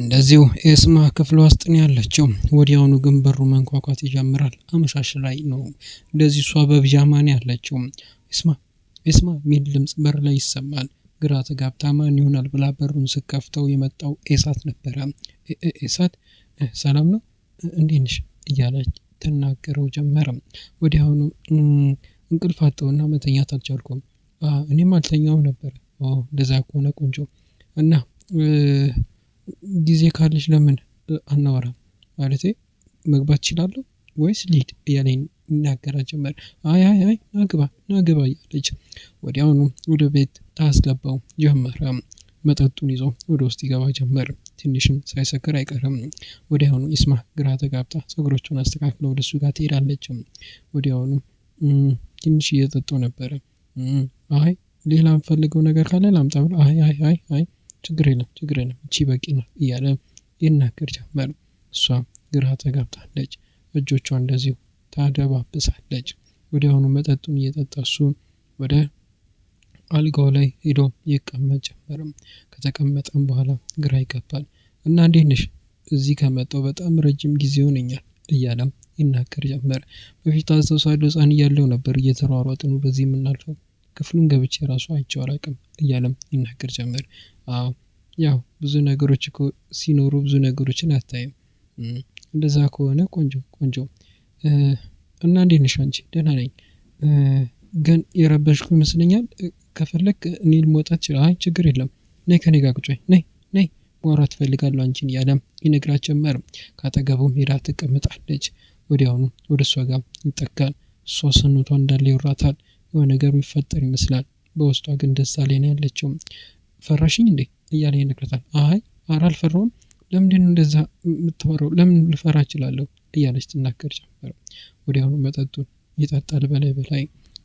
እንደዚሁ ኤስማ ክፍል ውስጥ ነው ያለችው። ወዲያውኑ ግን በሩ መንኳኳት ይጀምራል። አመሻሽ ላይ ነው እንደዚህ እሷ በብጃማ ነው ያለችው። ኤስማ ኤስማ ሚል ድምፅ በር ላይ ይሰማል። ግራ ተጋብታ ማን ይሆናል ብላ በሩን ስከፍተው የመጣው ኤሳት ነበረ። ኤሳት ሰላም ነው እንዴት ነሽ እያለች ተናገረው ጀመረ። ወዲያውኑ እንቅልፍ አጠውና መተኛት አልቻልኩም። እኔም አልተኛው ነበረ። እንደዛ ከሆነ ቆንጆ እና ጊዜ ካለች ለምን አናወራም? ማለት መግባት እችላለሁ ወይስ ሊድ እያለ ይናገራ ጀመር። አይ አይ አይ ናግባ ናግባ እያለች ወዲያውኑ ወደ ቤት ታስገባው ጀመረ። መጠጡን ይዞ ወደ ውስጥ ይገባ ጀመር። ትንሽም ሳይሰክር አይቀርም። ወዲያውኑ ይስማ ግራ ተጋብታ ፀጉሮቿን አስተካክለ ወደ እሱ ጋር ትሄዳለች። ወዲያውኑ ትንሽ እየጠጣው ነበረ። አይ ሌላ የምፈልገው ነገር ካለ ላምጣ ብሎ አይ አይ አይ አይ ችግር የለም ችግር የለም እቺ በቂ ነው እያለ ይናገር ጀመር። እሷም ግራ ተጋብታለች። እጆቿ እንደዚሁ ታደባብሳለች። ወዲያውኑ መጠጡን እየጠጣ እሱ ወደ አልጋው ላይ ሄዶ ይቀመጥ ጀመርም። ከተቀመጠም በኋላ ግራ ይገባል እና እንዴት ነሽ? እዚህ ከመጣው በጣም ረጅም ጊዜ ሆነኛል እያለም ይናገር ጀመር። በፊት አስታውሳለሁ ሕፃን እያለው ነበር እየተሯሯጥን በዚህ የምናልፈው ክፍሉን ገብቼ ራሱ አይቼው አላቅም እያለም ይናገር ጀመር። አዎ ያው ብዙ ነገሮች እኮ ሲኖሩ ብዙ ነገሮችን አታይም። እንደዛ ከሆነ ቆንጆ ቆንጆ እና እንዴት ነሽ አንቺ ደህና ነኝ። ግን የረበሽኩ ይመስለኛል ከፈለግ እኔን መውጣት ችላ አይ ችግር የለም ነይ ከኔ ጋር ቁጭ ነይ ነይ ማውራት እፈልጋለሁ አንቺን እያለም ይነግራት ጀመር። ካጠገቡም ሄዳ ትቀምጣለች። ወዲያውኑ ወደ እሷ ጋር ይጠጋል። እሷ ስኑቷ እንዳለ ይወራታል። የሆነ ነገር የሚፈጠር ይመስላል። በውስጧ ግን ደስታ ላይ ነው ያለችው። ፈራሽኝ እንዴ እያለ ይነግረታል። አይ ኧረ አልፈራውም፣ ለምንድን እንደዛ የምትፈራው? ለምን ልፈራ እችላለሁ እያለች ትናገር ጀመረ። ወዲያውኑ መጠጡን ይጠጣል በላይ በላይ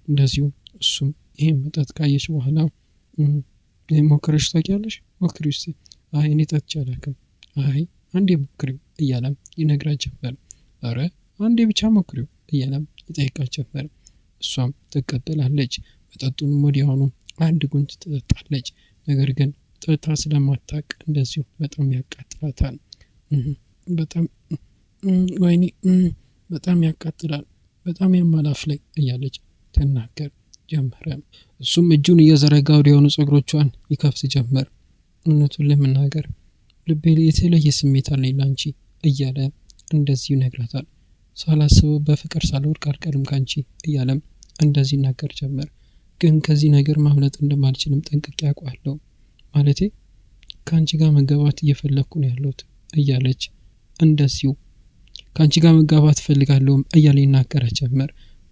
እንደዚሁ። እሱም ይህን መጠጥ ካየች በኋላ ሞክረሽ ታውቂያለሽ? ሞክሪ ውስ አይ እኔ ጠጥቼ አላውቅም። አይ አንዴ ሞክሪው እያለም ይነግራት ጀመር። አረ አንዴ ብቻ ሞክሪው እያለም ይጠይቃት ጀመር። እሷም ትቀበላለች። መጠጡንም ወዲያውኑ አንድ ጉንጭ ትጠጣለች። ነገር ግን ጥታ ስለማታቅ እንደዚሁ በጣም ያቃጥላታል። በጣም ወይኔ በጣም ያቃጥላል፣ በጣም የማላፍለኝ እያለች ትናገር ጀመረ። እሱም እጁን እየዘረጋ ወዲያውኑ ፀጉሮቿን ይከፍት ጀመር። እውነቱን ለመናገር ልቤ የተለየ ስሜት አለኝ ላንቺ እያለ እንደዚሁ ይነግራታል። ሳላስበው በፍቅር ሳልወድቅ አልቀርም ካንቺ እያለም እንደዚህ ይናገር ጀመር። ግን ከዚህ ነገር ማምለጥ እንደማልችልም ጠንቅቅ አውቃለሁ። ማለቴ ከአንቺ ጋር መጋባት እየፈለግኩ ነው ያለሁት እያለች እንደዚሁ ከአንቺ ጋር መጋባት እፈልጋለሁም እያለ ይናገረ ጀመር።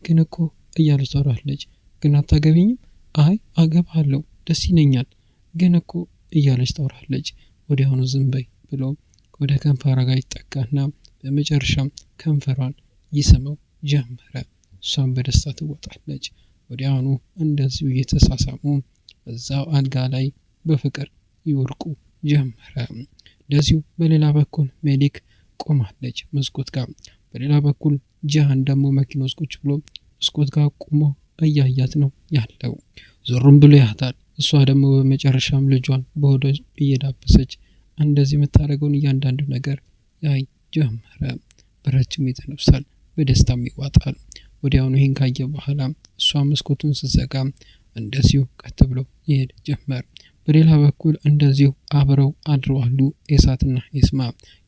ግን እኮ እያለች ታወራለች። ግን አታገቢኝም? አይ አገባለሁ፣ ደስ ይነኛል ግን እኮ እያለች ታወራለች። ወዲያውኑ ዝንበይ ብሎ ወደ ከንፈራ ጋር ይጠጋና በመጨረሻም ከንፈሯን ይስመው ጀመረ። እሷን በደስታ ትወጣለች። ወዲያውኑ እንደዚሁ እየተሳሳሙ በዛው አልጋ ላይ በፍቅር ይወድቁ ጀመረ። እንደዚሁ በሌላ በኩል ሜሊክ ቆማለች መስኮት ጋር፣ በሌላ በኩል ጃሃን ደግሞ መኪና ውስጥ ቁጭ ብሎ መስኮት ጋር ቆሞ እያያት ነው ያለው። ዞሩም ብሎ ያታል። እሷ ደግሞ በመጨረሻም ልጇን በሆዷ እየዳበሰች እንደዚህ የምታደርገውን እያንዳንዱ ነገር ያይ ጀመረ። በረጅም የተነፍሳል፣ በደስታም ይዋጣል። ወዲያውኑ ይህን ካየ በኋላ እሷ መስኮቱን ስዘጋ እንደዚሁ ቀጥ ብሎ ይሄድ ጀመር። በሌላ በኩል እንደዚሁ አብረው አድረዋሉ ኤሳትና ኤስማ።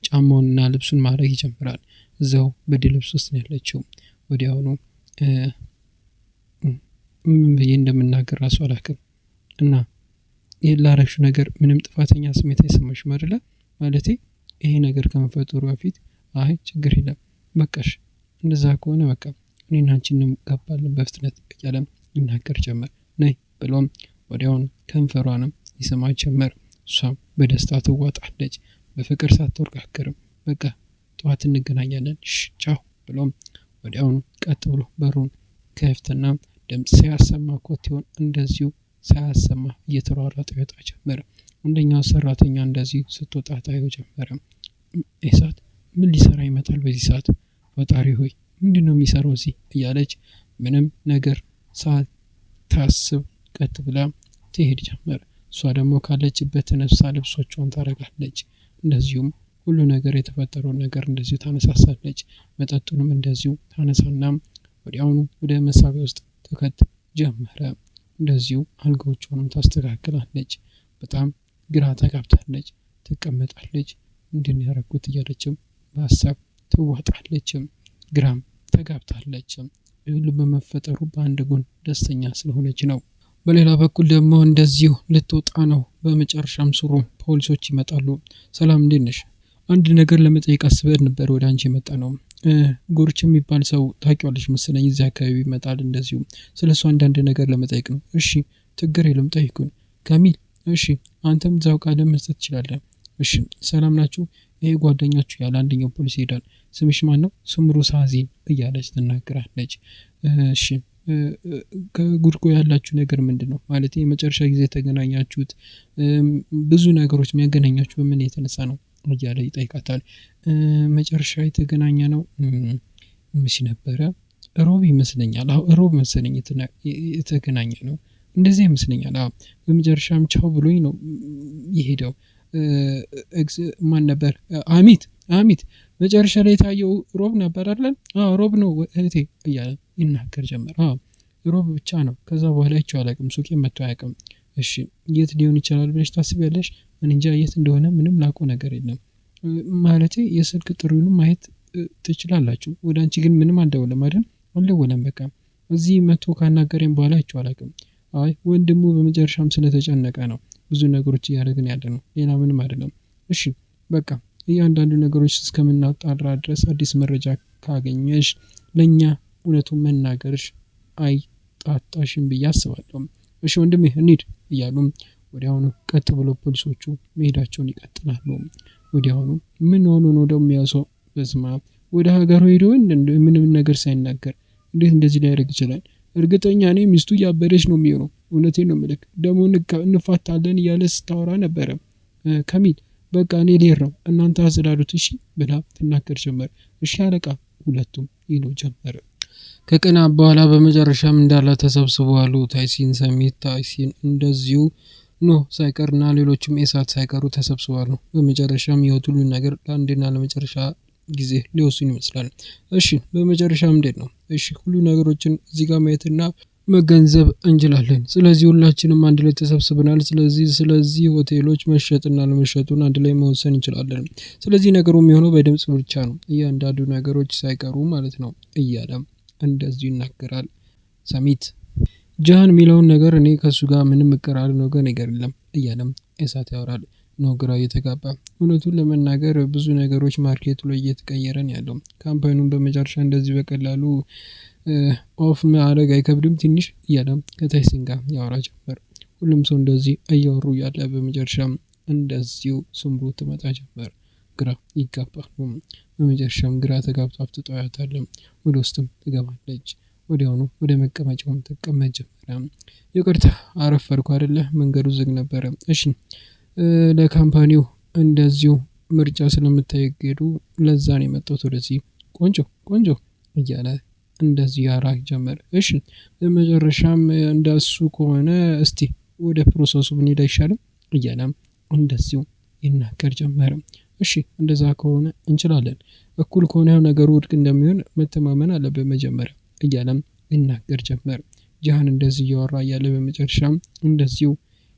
ጫማውንና ልብሱን ማድረግ ይጀምራል። እዛው በድ ልብስ ውስጥ ነው ያለችው። ወዲያውኑ ምን ብዬ እንደምናገር ራሱ አላክም እና ላረሹ ነገር ምንም ጥፋተኛ ስሜት አይሰማሽም አይደለ? ማለት ይሄ ነገር ከመፈጠሩ በፊት አይ ችግር የለም በቃሽ፣ እንደዛ ከሆነ በቃ እኔና አንቺንም ገባልን። በፍጥነት እያለም ይናገር ጀመር። ነይ ብሎም ወዲያውን ከንፈሯንም ይስማ ጀመር። እሷም በደስታ ትዋጣለች። በፍቅር ሳትወርቃክርም በቃ ጠዋት እንገናኛለን ሽቻሁ ብሎም ወዲያውኑ ቀጥ ብሎ በሩን ከፍትና ድምፅ ሳያሰማ ኮቴውን እንደዚሁ ሳያሰማ እየተሯሯጠ ይወጣ ጀመረ። አንደኛው ሰራተኛ እንደዚሁ ስትወጣ ታየው ጀመረ። ይህ ሰዓት ምን ሊሰራ ይመጣል? በዚህ ሰዓት ፈጣሪ ሆይ ምንድን ነው የሚሰራው እዚህ እያለች ምንም ነገር ሳታስብ ቀጥ ብላ ትሄድ ጀመር። እሷ ደግሞ ካለችበት ተነሳ ልብሶቿን ታረጋለች። እንደዚሁም ሁሉ ነገር የተፈጠረውን ነገር እንደዚሁ ታነሳሳለች። መጠጡንም እንደዚሁ ታነሳና ወዲያውኑ ወደ መሳቢያ ውስጥ ትከት ጀመረ። እንደዚሁ አልጋዎቿንም ታስተካክላለች። በጣም ግራ ተጋብታለች። ትቀመጣለች። እንድን ያረኩት እያለችም በሀሳብ ትዋጣለችም። ግራም ተጋብታለች። ይህ በመፈጠሩ በአንድ ጎን ደስተኛ ስለሆነች ነው። በሌላ በኩል ደግሞ እንደዚሁ ልትወጣ ነው። በመጨረሻም ስሩ ፖሊሶች ይመጣሉ። ሰላም እንዴት ነሽ? አንድ ነገር ለመጠየቅ አስበን ነበር ወደ አንቺ የመጣ ነው። ጎርች የሚባል ሰው ታውቂዋለሽ መሰለኝ፣ እዚህ አካባቢ ይመጣል። እንደዚሁ ስለ እሱ አንዳንድ ነገር ለመጠየቅ ነው። እሺ ችግር የለም ጠይቁን። ከሚል እሺ፣ አንተም እዛው ቃለ መስጠት ትችላለህ። እሺ ሰላም ናችሁ? ይህ ጓደኛችሁ ያለ አንደኛው ፖሊስ ይሄዳል። ስምሽ ማን ነው? ስም ሳዚን እያለች ትናገራለች። እሺ ከጉድጎ ያላችሁ ነገር ምንድን ነው? ማለት የመጨረሻ ጊዜ የተገናኛችሁት ብዙ ነገሮች የሚያገናኛችሁ በምን የተነሳ ነው እያለ ይጠይቃታል። መጨረሻ የተገናኘ ነው ምሽ ነበረ ሮብ ይመስለኛል። አሁ ሮብ መሰለኝ የተገናኘ ነው እንደዚህ ይመስለኛል። በመጨረሻም ቻው ብሎኝ ነው የሄደው። ማን ነበር አሚት አሚት መጨረሻ ላይ የታየው ሮብ ነበር አለን ሮብ ነው እህቴ እያለ ይናገር ጀመር። ሮብ ብቻ ነው። ከዛ በኋላ አይቼው አላውቅም፣ ሱቄ መቶ እሺ የት ሊሆን ይችላል ብለሽ ታስቢያለሽ? እኔ እንጃ የት እንደሆነ ምንም ላቆ ነገር የለም። ማለት የስልክ ጥሪውንም ማየት ትችላላችሁ። ወደ አንቺ ግን ምንም አልደወለም አይደል? አልደወለም። በቃ እዚህ መቶ ካናገረኝ በኋላ አይቼው አይ ወንድሙ በመጨረሻም ስለተጨነቀ ነው ብዙ ነገሮች እያደረግን ያለ ነው። ሌላ ምንም አይደለም። እሺ በቃ እያንዳንዱ ነገሮች እስከምናጣራ ድረስ አዲስ መረጃ ካገኘሽ ለእኛ እውነቱ መናገርሽ አይጣጣሽም ብዬ አስባለሁ። እሺ ወንድም እንሂድ እያሉም ወዲያውኑ ቀጥ ብሎ ፖሊሶቹ መሄዳቸውን ይቀጥላሉ። ወዲያውኑ ምን ሆኖ ነው ደግሞ ያሰው በስማ ወደ ሀገሩ ሄዶ ምንም ነገር ሳይናገር እንዴት እንደዚህ ሊያደርግ ይችላል? እርግጠኛ እኔ ሚስቱ እያበደች ነው የሚሆነው። እውነቴ ነው ምልክ ደግሞ እንፋታለን እያለ ስታወራ ነበረ ከሚል በቃ እኔ ልሄድ ነው እናንተ አዘዳሉት እሺ ብላ ትናገር ጀመር። እሺ አለቃ ሁለቱም ይሉ ጀመር። ከቀና በኋላ በመጨረሻም እንዳላ ተሰብስበዋሉ። ታይሲን፣ ሰሚት፣ ታይሲን እንደዚሁ ኖ ሳይቀር እና ሌሎችም ኤሳት ሳይቀሩ ተሰብስበዋሉ። በመጨረሻም የወትሉን ነገር ለአንዴና ለመጨረሻ ጊዜ ሊወስኑ ይመስላል። እሺ በመጨረሻ እንዴት ነው? እሺ ሁሉ ነገሮችን እዚህ ጋር ማየትና መገንዘብ እንችላለን። ስለዚህ ሁላችንም አንድ ላይ ተሰብስበናል። ስለዚህ ስለዚህ ሆቴሎች መሸጥና ለመሸጡን አንድ ላይ መወሰን እንችላለን። ስለዚህ ነገሩ የሚሆነው በድምፅ ብቻ ነው፣ እያንዳንዱ ነገሮች ሳይቀሩ ማለት ነው እያለ እንደዚሁ ይናገራል ሰሚት ጃሃን የሚለውን ነገር እኔ ከእሱ ጋር ምንም እቀራር ነገር ነገር የለም እያለም እሳት ያወራል። ነው ግራ እየተጋባ። እውነቱን ለመናገር ብዙ ነገሮች ማርኬቱ ላይ እየተቀየረን ያለው ካምፓኒውን በመጨረሻ እንደዚህ በቀላሉ ኦፍ ማድረግ አይከብድም ትንሽ እያለ ከታይሲን ጋር ያወራ ጀመር። ሁሉም ሰው እንደዚህ እያወሩ እያለ በመጨረሻም እንደዚሁ ስምሩ ትመጣ ጀመር። ግራ ይጋባሉ። በመጨረሻም ግራ ተጋብቶ አፍትጠያታለ ያታለም ወደ ውስጥም ትገባለች። ወዲያውኑ ወደ መቀመጫውም ትቀመጥ ጀመረ። ይቅርታ አረፈርኩ አይደለ? መንገዱ ዝግ ነበረ። እሺ ለካምፓኒው እንደዚሁ ምርጫ ስለምታይገዱ ለዛ ነው የመጣሁት ወደዚህ ቆንጆ ቆንጆ እያለ እንደዚህ ያራ ጀመር። እሺ በመጨረሻም እንደሱ ከሆነ እስቲ ወደ ፕሮሰሱ ብንሄድ አይሻልም እያለም እንደዚሁ ይናገር ጀመር እሺ እንደዛ ከሆነ እንችላለን፣ እኩል ከሆነ ነገሩ ውድቅ እንደሚሆን መተማመን አለ መጀመሪያ እያለም ይናገር ጀመር። ጃሃን እንደዚህ እያወራ እያለ በመጨረሻም እንደዚሁ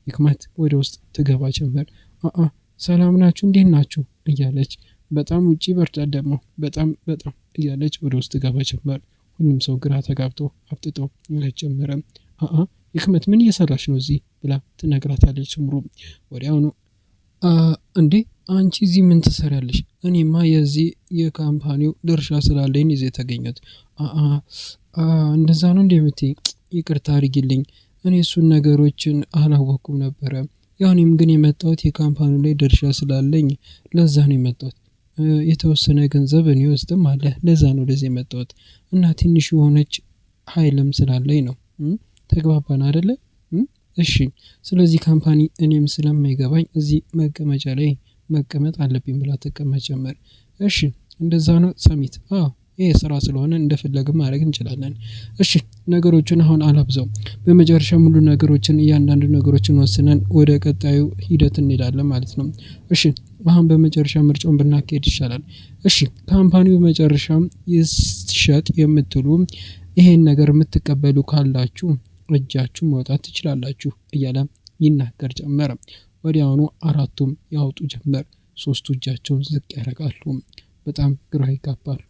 ሂክመት ወደ ውስጥ ትገባ ጀመር። አአ ሰላም ናችሁ? እንዴት ናችሁ? እያለች በጣም ውጪ በርዳት ደግሞ በጣም በጣም እያለች ወደ ውስጥ ትገባ ጀመር። ሁሉም ሰው ግራ ተጋብቶ አፍጥጦ ጀመረ። አአ ሂክመት ምን እየሰራች ነው እዚህ ብላ ትነግራታለች። ምሩ ወዲያውኑ እንዴ አንቺ እዚህ ምን ትሰሪያለሽ? እኔማ የዚህ የካምፓኒው ድርሻ ስላለኝ ይዜ የተገኘት እንደዛ ነው እንደ ይቅርታ አድርጊልኝ እኔ እሱን ነገሮችን አላወቅኩም ነበረ። ያሁኔም ግን የመጣሁት የካምፓኒ ላይ ድርሻ ስላለኝ ለዛ ነው የመጣሁት። የተወሰነ ገንዘብ እኔ ውስጥም አለ። ለዛ ነው ወደዚህ የመጣሁት እና ትንሽ የሆነች ኃይልም ስላለኝ ነው። ተግባባን አደለ? እሺ። ስለዚህ ካምፓኒ እኔም ስለማይገባኝ እዚህ መቀመጫ ላይ መቀመጥ አለብኝ ብላ ተቀመጥ ጀመር። እሺ፣ እንደዛ ነው ሰሚት። አዎ ይህ ስራ ስለሆነ እንደፈለግ ማድረግ እንችላለን። እሺ ነገሮችን አሁን አላብዘው። በመጨረሻ ሙሉ ነገሮችን እያንዳንዱ ነገሮችን ወስነን ወደ ቀጣዩ ሂደት እንሄዳለን ማለት ነው። እሺ አሁን በመጨረሻ ምርጫውን ብናካሄድ ይሻላል። እሺ ካምፓኒው በመጨረሻ ይሸጥ የምትሉ ይሄን ነገር የምትቀበሉ ካላችሁ እጃችሁ መውጣት ትችላላችሁ እያለ ይናገር ጀመረ። ወዲያውኑ አራቱም ያወጡ ጀመር። ሶስቱ እጃቸውን ዝቅ ያደርጋሉ። በጣም ግራ ይጋባሉ።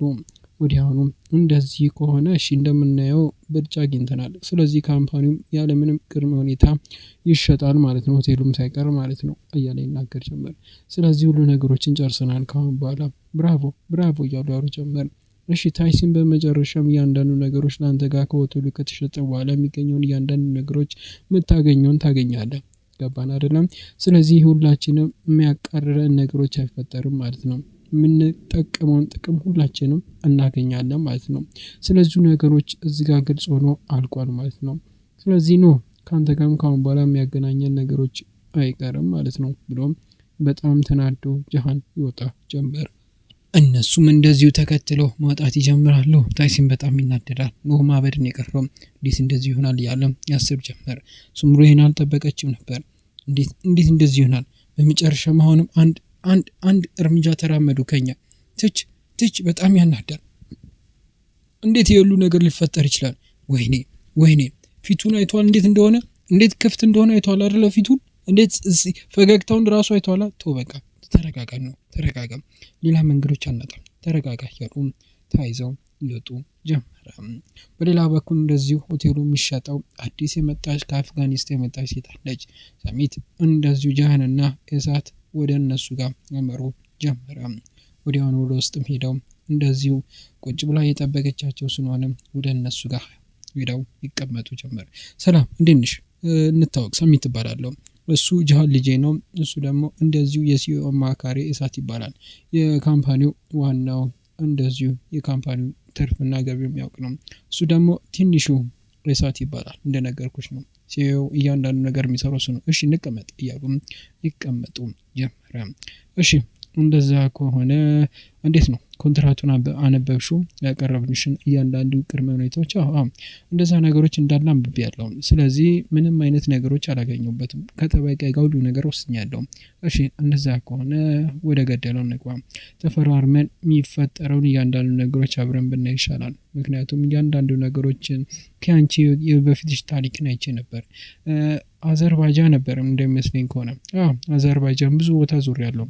ወዲያውኑ እንደዚህ ከሆነ እሺ እንደምናየው ብልጫ አግኝተናል። ስለዚህ ካምፓኒውም ያለምንም ቅድመ ሁኔታ ይሸጣል ማለት ነው፣ ሆቴሉም ሳይቀር ማለት ነው እያለ ይናገር ጀመር። ስለዚህ ሁሉ ነገሮችን ጨርሰናል ካሁን በኋላ ብራቮ ብራቮ እያሉ ያሉ ጀመር። እሺ ታይሲን በመጨረሻም እያንዳንዱ ነገሮች ለአንተ ጋር ከሆቴሉ ከተሸጠ በኋላ የሚገኘውን እያንዳንዱ ነገሮች የምታገኘውን ታገኛለህ። ገባን አይደለም? ስለዚህ ሁላችንም የሚያቃርረን ነገሮች አይፈጠርም ማለት ነው። የምንጠቀመውን ጥቅም ሁላችንም እናገኛለን ማለት ነው። ስለዚሁ ነገሮች እዚህ ጋር ግልጽ ሆኖ አልቋል ማለት ነው። ስለዚህ ኖ ከአንተ ጋርም ከአሁን በኋላ የሚያገናኘን ነገሮች አይቀርም ማለት ነው ብሎም በጣም ተናዶ ጃሃን ይወጣ ጀመር። እነሱም እንደዚሁ ተከትለው ማውጣት ይጀምራሉ። ታይሲን በጣም ይናደዳል። ኖህ ማበድን የቀረው እንዴት እንደዚህ ይሆናል እያለ ያስብ ጀመር። ሱምሮ ይህን አልጠበቀችም ነበር። እንዴት እንደዚህ ይሆናል? በመጨረሻ መሆንም አንድ አንድ አንድ እርምጃ ተራመዱ ከኛ። ትች ትች፣ በጣም ያናዳል። እንዴት የሉ ነገር ሊፈጠር ይችላል? ወይኔ ወይኔ፣ ፊቱን አይቷል እንዴት እንደሆነ እንዴት ክፍት እንደሆነ አይቷል አይደለ? ፊቱን እንዴት ፈገግታውን ራሱ አይቷላ። ቶ በቃ ተረጋጋ ነው ተረጋጋ። ሌላ መንገዶች አናጣም። ተረጋጋ ያሉ ታይዘው ይወጡ ጀመረ። በሌላ በኩል እንደዚሁ ሆቴሉ የሚሸጠው አዲስ የመጣች ከአፍጋኒስታን የመጣች ሴት አለች። ሰሚት እንደዚሁ ጃህንና እሳት ወደ እነሱ ጋር መመሩ ጀመረ። ወዲያውኑ ወደ ውስጥም ሄደው እንደዚሁ ቁጭ ብላ የጠበቀቻቸው ስለሆነ ወደ እነሱ ጋር ሄደው ይቀመጡ ጀመር። ሰላም እንዴት ነሽ? እንታወቅ ሰሚት ትባላለሁ። እሱ ጃሃል ልጄ ነው። እሱ ደግሞ እንደዚሁ የሲኦ አማካሪ እሳት ይባላል። የካምፓኒው ዋናው እንደዚሁ የካምፓኒው ትርፍና ገቢ የሚያውቅ ነው። እሱ ደግሞ ትንሹ እሳት ይባላል። እንደነገርኩች ነው። ሲዩ እያንዳንዱ ነገር የሚሰሩ እሱ ነው። እሺ እንቀመጥ እያሉ ይቀመጡ ጀመረ። እሺ እንደዛ ከሆነ እንዴት ነው ኮንትራቱን አነበብሹ ያቀረብንሽን እያንዳንዱ ቅድመ ሁኔታዎች እንደዛ ነገሮች እንዳለ አንብቤ ያለው። ስለዚህ ምንም አይነት ነገሮች አላገኘሁበትም። ከጠበቃ ጋ ሁሉ ነገር ወስኛለሁ። እሺ እንደዛ ከሆነ ወደ ገደለው ንግባ። ተፈራርመን የሚፈጠረውን እያንዳንዱ ነገሮች አብረን ብና ይሻላል። ምክንያቱም እያንዳንዱ ነገሮችን ከያንቺ በፊትሽ ታሪክ አይቼ ነበር። አዘርባጃ ነበርም እንደሚመስለኝ ከሆነ አዘርባጃን ብዙ ቦታ ዙር ያለው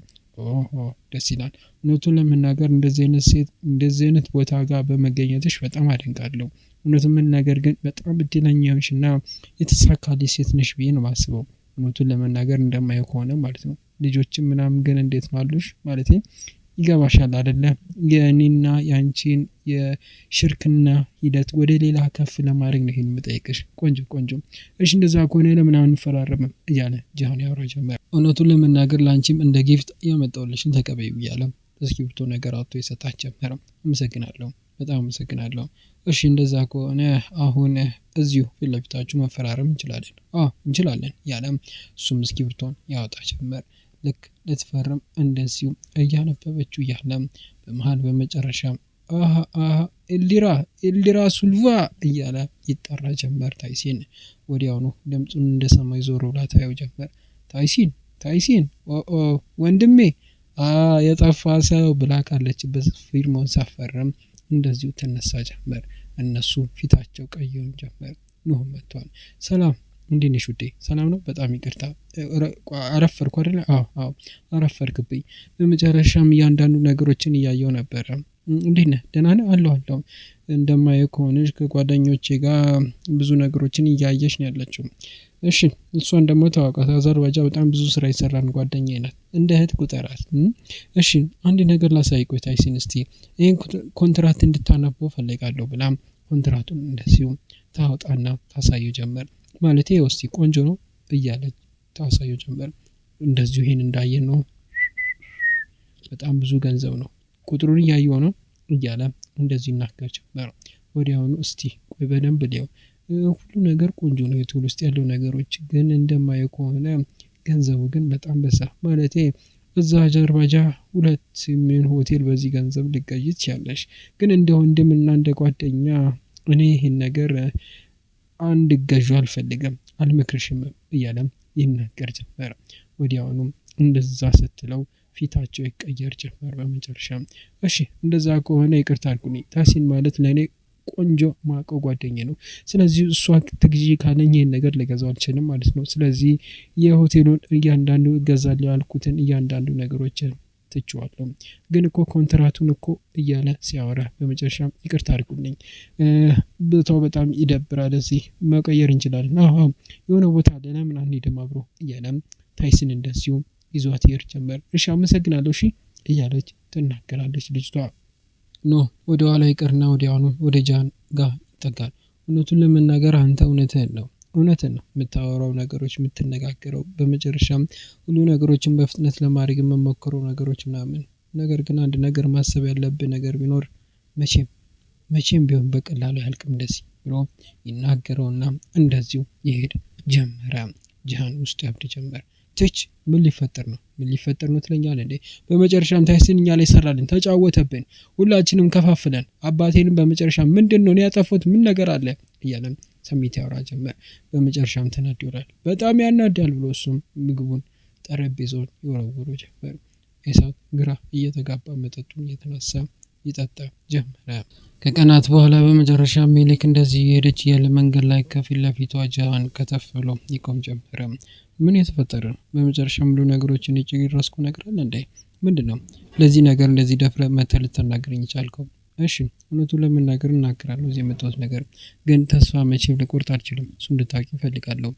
ደስ ይላል። እውነቱን ለመናገር እንደዚህ አይነት ሴት እንደዚህ አይነት ቦታ ጋር በመገኘትሽ በጣም አደንቃለሁ። እውነቱን መናገር ግን በጣም እድለኛዎች እና የተሳካሊ ሴት ነሽ ብዬ ነው ማስበው። እውነቱን ለመናገር እንደማየው ከሆነ ማለት ነው። ልጆችም ምናምን ግን እንዴት ማሉሽ ማለት ይገባሻል አደለ? የእኔና የአንቺን የሽርክና ሂደት ወደ ሌላ ከፍ ለማድረግ ነው ይሄን የምጠይቅሽ። ቆንጆ ቆንጆ። እሺ እንደዛ ከሆነ ለምን አንፈራረምም? እያለ ጃሁን ያወራ ጀመር። እውነቱን ለመናገር ለአንቺም እንደ ጊፍት ያመጣውልሽን ተቀበዩ እያለ እስክሪብቶ ነገር አቶ የሰጣት ጀመረ። አመሰግናለሁ፣ በጣም አመሰግናለሁ። እሺ እንደዛ ከሆነ አሁን እዚሁ ፊትለፊታችሁ መፈራረም እንችላለን፣ እንችላለን ያለ እሱም እስክሪብቶን ያወጣ ጀመር ልክ ልትፈርም እንደዚሁ እያነበበችው እያለ በመሀል በመጨረሻ አሀ ኤልዲራ ኤልዲራ ሱልቫ እያለ ይጠራ ጀመር ታይሲን። ወዲያውኑ ድምፁን እንደ ሰማይ ዞር ብላ ታየው ጀመር። ታይሲን ታይሲን ወንድሜ የጠፋ ሰው ብላ ካለችበት ፊልሟን ሳፈርም እንደዚሁ ትነሳ ጀመር። እነሱ ፊታቸው ቀየውን ጀመር። ኑህ መጥቷል። ሰላም እንዴት ነሽ ውዴ? ሰላም ነው? በጣም ይቅርታ አረፈርኩ አይደለ? አዎ አረፈርክብኝ። በመጨረሻም እያንዳንዱ ነገሮችን እያየው ነበረ። እንዴት ነህ? ደህና ነህ? አለሁ አለሁ። እንደማየው ከሆነሽ ከጓደኞቼ ጋር ብዙ ነገሮችን እያየሽ ነው ያለችው። እሺ፣ እሷን ደግሞ ታውቃት። አዘርባጃ በጣም ብዙ ስራ የሰራን ጓደኛ ናት፣ እንደ እህት ቁጠራት። እሺ፣ አንድ ነገር ላሳይ። ቆይ ታይሲን እስቲ ይህን ኮንትራት እንድታነበው ፈልጋለሁ ብላም ኮንትራቱን እንደሲሁ ታወጣና ታሳዩ ጀመር። ማለት ወስቲ ቆንጆ ነው እያለ ታሳየው ጀመር። እንደዚሁ ይሄን እንዳየን ነው በጣም ብዙ ገንዘብ ነው ቁጥሩን እያየው ነው እያለ እንደዚህ ይናገር ጀመር። ወዲያውኑ እስቲ ቆይ በደንብ ሊው ሁሉ ነገር ቆንጆ ነው የትውል ውስጥ ያለው ነገሮች ግን እንደማየ ከሆነ ገንዘቡ ግን በጣም በሳ ማለት እዛ ጀርባጃ ሁለት ሚሊዮን ሆቴል በዚህ ገንዘብ ልቀይት ያለሽ ግን እንደ ወንድምና እንደ ጓደኛ እኔ ይህን ነገር አንድ ገዥ አልፈልግም አልመክርሽምም እያለም ይናገር ጀመረ። ወዲያውኑም እንደዛ ስትለው ፊታቸው ይቀየር ጀመር። በመጨረሻ እሺ እንደዛ ከሆነ ይቅርታ አልኩኒ ታሲን ማለት ለእኔ ቆንጆ ማቀው ጓደኝ ነው። ስለዚህ እሷ ትግዢ ካለኝ ይህን ነገር ልገዛው አልችልም ማለት ነው። ስለዚህ የሆቴሉን እያንዳንዱ እገዛለሁ ያልኩትን እያንዳንዱ ነገሮችን ትችዋለሁ፣ ግን እኮ ኮንትራቱን እኮ እያለ ሲያወራ በመጨረሻ ይቅርታ አድርጉልኝ፣ ቦታው በጣም ይደብራል፣ እዚህ መቀየር እንችላለን፣ የሆነ ቦታ አለና ምን አንሄድም አብሮ እያለ ታይስን እንደዚሁ ይዟት ይሄድ ጀመር። እሺ አመሰግናለሁ፣ እሺ እያለች ትናገራለች ልጅቷ። ኖ ወደ ኋላ ይቀርና ወዲያውኑ ወደ ጃን ጋር ይጠጋል። እውነቱን ለመናገር አንተ እውነትህን ነው እውነት ነው የምታወራው ነገሮች የምትነጋገረው በመጨረሻም ሁሉ ነገሮችን በፍጥነት ለማድረግ የምሞክረው ነገሮች ምናምን ነገር ግን አንድ ነገር ማሰብ ያለብህ ነገር ቢኖር መቼም መቼም ቢሆን በቀላሉ ያልቅም እንደዚህ ብሎ ይናገረውና እንደዚሁ ይሄድ ጀመረ። ጃን ውስጥ ያብድ ጀመር። ትች ምን ሊፈጠር ነው? ምን ሊፈጠር ነው ትለኛል እንዴ? በመጨረሻም ታይስን እኛ ላይ ሰራልን፣ ተጫወተብን፣ ሁላችንም ከፋፍለን አባቴንም በመጨረሻ ምንድን ነው ያጠፉት? ምን ነገር አለ እያለን ሰሚት ያወራ ጀመር። በመጨረሻም ተናዶ ይወራል። በጣም ያናዳል ብሎ እሱም ምግቡን፣ ጠረጴዛውን ይወረውሩ ጀመር። ኤሳው ግራ እየተጋባ መጠጡን እየተነሳ ይጠጣ ጀመረ። ከቀናት በኋላ በመጨረሻ ሜሌክ እንደዚህ የሄደች እያለ መንገድ ላይ ከፊት ለፊቷ ጃሃን ከተፍ ብሎ ይቆም ጀመረ። ምን የተፈጠረ በመጨረሻ ሙሉ ነገሮችን እጭግ ረስኩ ነግረን እንዴ? ምንድን ነው ለዚህ ነገር እንደዚህ ደፍረ መተ ልትናገረኝ ይቻልከው እሺ እውነቱን ለመናገር እናገራለሁ እዚህ የመጣሁት ነገር ግን ተስፋ መቼም ልቆርጥ አልችልም። እሱ እንድታውቂ ይፈልጋለሁ።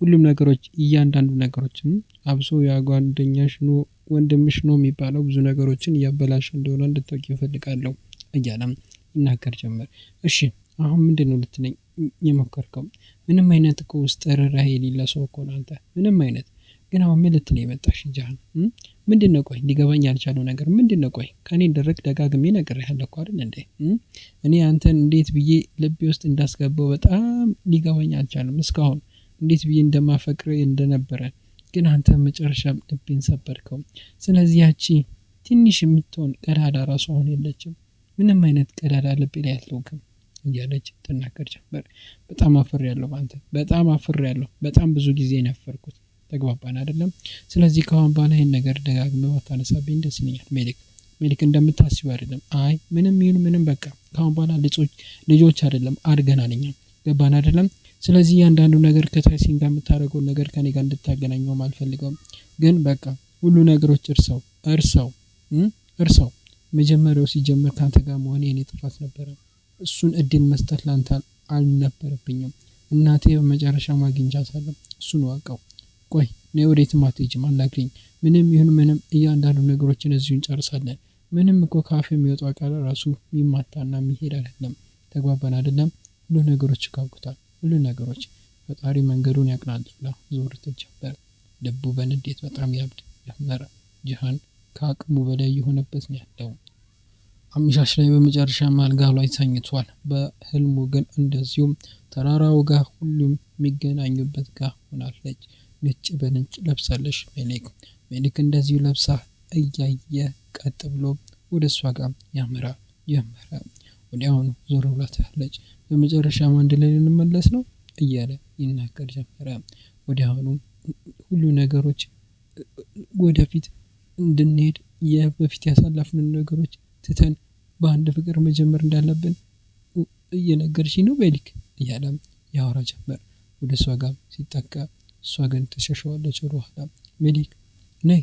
ሁሉም ነገሮች እያንዳንዱ ነገሮችን አብሶ ያ ጓደኛሽ ነው ወንድምሽ ነው የሚባለው ብዙ ነገሮችን እያበላሸ እንደሆነ እንድታውቂ ይፈልጋለሁ እያለም ይናገር ጀመር። እሺ አሁን ምንድን ነው ልትለኝ የሞከርከው? ምንም አይነት እኮ ውስጥ ርህራሄ የሌለ ሰው እኮ ነው አንተ ምንም አይነት ግን አሁን ምን ልትለኝ የመጣሽ እንጃ ምንድን ነው ቆይ ሊገባኝ ያልቻለው ነገር ምንድን ነው ቆይ ከኔ ደረግ ደጋግሜ ነገር ያለኩ አይደል እንዴ እኔ አንተን እንዴት ብዬ ልቤ ውስጥ እንዳስገባው በጣም ሊገባኝ አልቻለም እስካሁን እንዴት ብዬ እንደማፈቅር እንደነበረ ግን አንተ መጨረሻ ልቤን ሰበርከው ስለዚህ ያቺ ትንሽ የምትሆን ቀዳዳ ራሱ አሁን የለችም ምንም አይነት ቀዳዳ ልቤ ላይ አትለውክም እያለች ትናገር ጀመር በጣም አፍሬያለሁ በአንተ በጣም ያለው በጣም ብዙ ጊዜ ነፈርኩት ተግባባን አይደለም? ስለዚህ ከአሁን በኋላ ይህን ነገር ደጋግመ ባታነሳብኝ ደስ ይለኛል። ሜሊክ ሜሊክ እንደምታስቢው አይደለም። አይ ምንም ይሁን ምንም በቃ ከአሁን በኋላ ልጆች አይደለም አድገናልኛ ገባን አይደለም? ስለዚህ እያንዳንዱ ነገር ከታይሲን ጋር የምታደርገውን ነገር ከኔ ጋር እንድታገናኘውም አልፈልገውም። ግን በቃ ሁሉ ነገሮች እርሰው እርሰው እርሰው መጀመሪያው ሲጀምር ከአንተ ጋር መሆን የኔ ጥፋት ነበረ። እሱን እድል መስጠት ላንተ አልነበረብኝም። እናቴ በመጨረሻ ማግኝቻታለሁ። እሱን ዋቀው ቆይ እኔ ወዴትም አትሄጂም፣ አናግሪኝ። ምንም ይሁን ምንም እያንዳንዱ ነገሮችን እዚሁ እንጨርሳለን። ምንም እኮ ከአፍ የሚወጣው ቃል ራሱ የሚማታና የሚሄድ አይደለም። ተግባባን አይደለም? ሁሉ ነገሮች ይጓጉታል። ሁሉ ነገሮች ፈጣሪ መንገዱን ያቅናልና ዞር ትጀበር። ልቡ በንዴት በጣም ያብድ ያመረ ጅሃን ከአቅሙ በላይ የሆነበት ነው ያለው። አመሻሽ ላይ በመጨረሻ ማልጋ ላይ ተኝቷል። በህልሙ ግን እንደዚሁም ተራራው ጋር ሁሉም የሚገናኙበት ጋር ሆናለች። ነጭ በነጭ ለብሳለች። ሜሊክ ሜሊክ እንደዚሁ ለብሳ እያየ ቀጥ ብሎ ወደ እሷ ጋር ያምራ ጀመረ። ወዲያውኑ ዞር ብላ ታያለች። በመጨረሻም አንድ ላይ ልንመለስ ነው እያለ ይናገር ጀመረ። ወዲያውኑ ሁሉ ነገሮች ወደፊት እንድንሄድ የበፊት ያሳለፍንን ነገሮች ትተን በአንድ ፍቅር መጀመር እንዳለብን እየነገርሽ ነው ሜሊክ እያለም ያወራ ጀመር። ወደ እሷ ጋር ሲጠቃ እሷ ግን ትሸሸዋለች ወደኋላ። ሜሊክ ነይ፣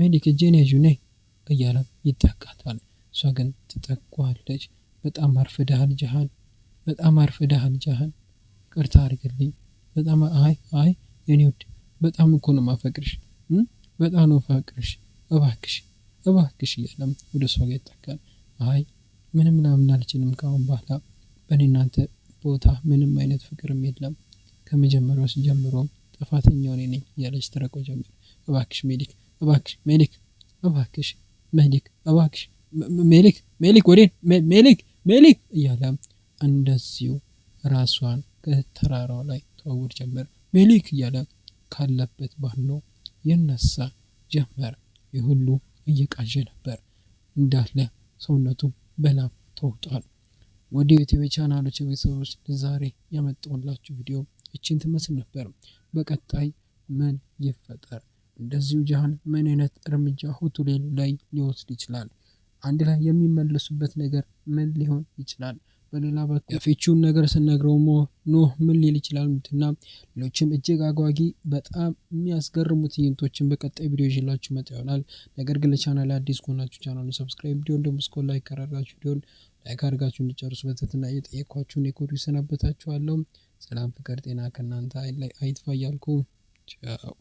ሜሊክ እጄን ያዡ ነይ እያለ ይጠጋታል። እሷ ግን ትጠጓለች። በጣም አርፍደሃል ጃሃን፣ በጣም አርፍደሃል ጃሃን፣ ቅርታ አድርግልኝ። በጣም አይ አይ፣ የኔ ውድ በጣም እኮ ነው ማፈቅርሽ፣ በጣም ነው ማፈቅርሽ፣ እባክሽ እባክሽ እያለም ወደ እሷ ጋር ይጠጋል። አይ ምንም ምናምን አልችልም ካሁን በኋላ በእኔ እናንተ ቦታ ምንም አይነት ፍቅርም የለም ከመጀመሪያ ሲጀምሮም ጥፋተኛው እኔ ነኝ እያለች ትረቆ ጀመር። እባክሽ ሜሊክ፣ እባክሽ ሜሊክ፣ እባክሽ ሜሊክ፣ እባክሽ ሜሊክ፣ ሜሊክ፣ ወዴን ሜሊክ፣ ሜሊክ እያለ እንደዚሁ ራሷን ከተራራው ላይ ተወውድ ጀመር። ሜሊክ እያለ ካለበት ባኖ ይነሳ ጀመር። የሁሉ ሁሉ እየቃዠ ነበር። እንዳለ ሰውነቱ በላብ ተውጧል። ወደ ዩቲዩብ ቻናሎች ቤተሰቦች ዛሬ ያመጣሁላችሁ ቪዲዮ ይችን ትመስል ነበር። በቀጣይ ምን ይፈጠር? እንደዚሁ ጃሃን ምን አይነት እርምጃ ሆቱሌል ላይ ሊወስድ ይችላል? አንድ ላይ የሚመለሱበት ነገር ምን ሊሆን ይችላል? በሌላ በኩል የፍቺውን ነገር ስነግረው ሞ ኖህ ምን ሊል ይችላል? ምትና ሌሎችም እጅግ አጓጊ በጣም የሚያስገርሙ ትዕይንቶችን በቀጣይ ቪዲዮ ይዤላችሁ መጣ ይሆናል። ነገር ግን ለቻናል አዲስ ከሆናችሁ ቻናሉ ሰብስክራይብ እንዲሆን ደግሞ እስኮ ላይክ ካረጋችሁ እንዲሆን ላይክ አድርጋችሁ እንዲጨርሱ በትህትና እየጠየኳችሁ የኮዱ ይሰናበታችኋለሁ። ሰላም፣ ፍቅር፣ ጤና ከእናንተ አይጥፋ እያልኩ ቻው።